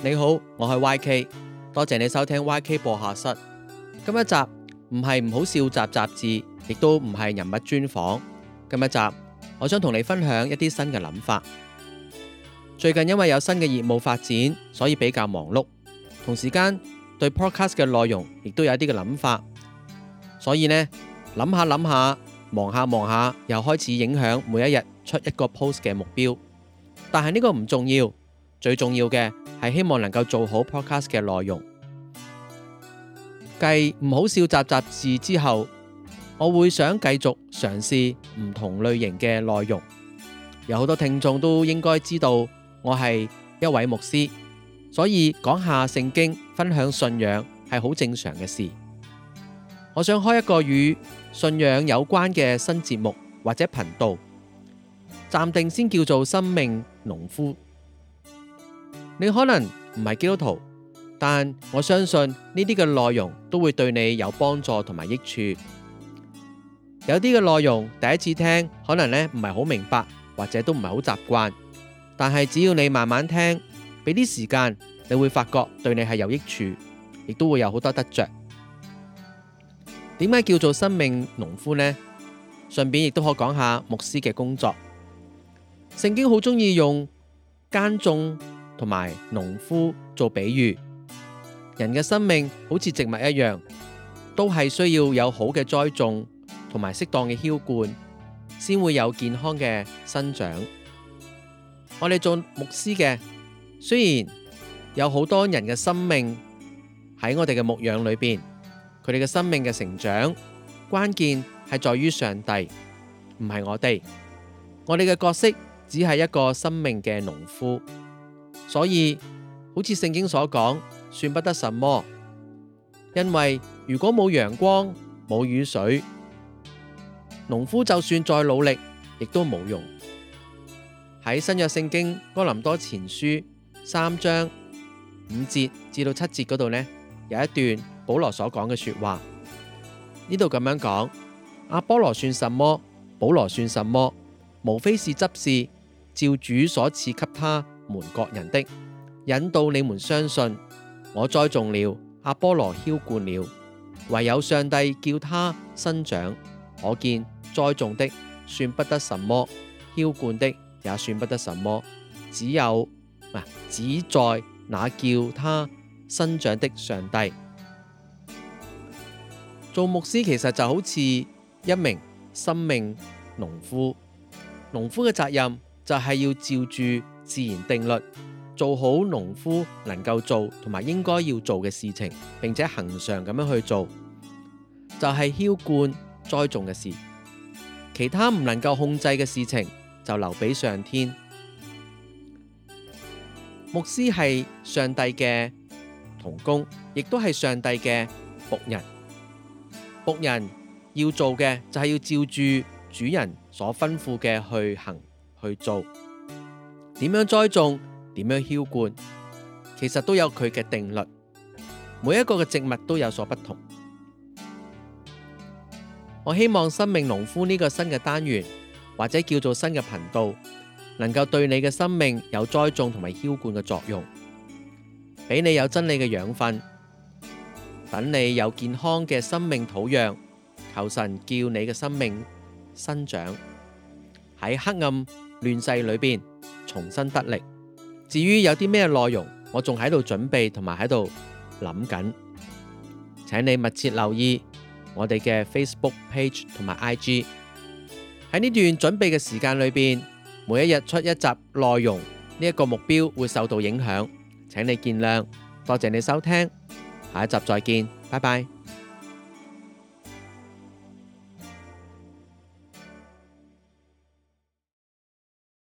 你好，我係 YK，多謝你收聽 YK 播客室。今一集唔係唔好笑雜雜誌，亦都唔係人物專訪。今一集，我想同你分享一啲新嘅諗法。最近因為有新嘅業務發展，所以比較忙碌，同時間對 podcast 嘅內容亦都有一啲嘅諗法。所以呢，諗下諗下，忙下忙下，又開始影響每一日出一個 post 嘅目標。但係呢個唔重要。最重要嘅係希望能夠做好 Podcast 嘅內容。繼唔好笑雜雜誌之後，我會想繼續嘗試唔同類型嘅內容。有好多聽眾都應該知道我係一位牧師，所以講一下聖經、分享信仰係好正常嘅事。我想開一個與信仰有關嘅新節目或者頻道，暫定先叫做生命農夫。你可能唔係基督徒，但我相信呢啲嘅內容都會對你有幫助同埋益處。有啲嘅內容第一次聽，可能呢唔係好明白，或者都唔係好習慣。但係只要你慢慢聽，俾啲時間，你會發覺對你係有益處，亦都會有好多得着。點解叫做生命農夫呢？順便亦都可以講下牧師嘅工作。聖經好中意用耕種。同埋農夫做比喻，人嘅生命好似植物一樣，都係需要有好嘅栽種同埋適當嘅澆灌，先會有健康嘅生長。我哋做牧師嘅，雖然有好多人嘅生命喺我哋嘅牧養裏邊，佢哋嘅生命嘅成長關鍵係在於上帝，唔係我哋。我哋嘅角色只係一個生命嘅農夫。所以，好似聖經所講，算不得什麼。因為如果冇陽光、冇雨水，農夫就算再努力，亦都冇用。喺新約聖經哥林多前書三章五節至到七節嗰度呢，有一段保羅所講嘅說話。呢度咁樣講，阿波羅算什麼？保羅算什麼？無非是執事，照主所賜給他。門各人的引導你們相信，我栽種了阿波羅，澆灌了，唯有上帝叫他生長。可見栽種的算不得什麼，澆灌的也算不得什麼，只有只在那叫他生長的上帝做牧師，其實就好似一名生命農夫。農夫嘅責任就係要照住。自然定律，做好農夫能夠做同埋應該要做嘅事情，並且恆常咁樣去做，就係澆灌、栽種嘅事。其他唔能夠控制嘅事情，就留俾上天。牧師係上帝嘅同工，亦都係上帝嘅僕人。僕人要做嘅就係要照住主人所吩咐嘅去行去做。點樣栽種，點樣澆灌，其實都有佢嘅定律。每一個嘅植物都有所不同。我希望生命農夫呢個新嘅單元，或者叫做新嘅頻道，能夠對你嘅生命有栽種同埋澆灌嘅作用，俾你有真理嘅養分，等你有健康嘅生命土壤，求神叫你嘅生命生長喺黑暗亂世裏邊，重新得力。至於有啲咩內容，我仲喺度準備同埋喺度諗緊，請你密切留意我哋嘅 Facebook page 同埋 IG。喺呢段準備嘅時間裏面，每一日出一集內容，呢一個目標會受到影響，請你見諒。多謝你收聽，下一集再見，拜拜。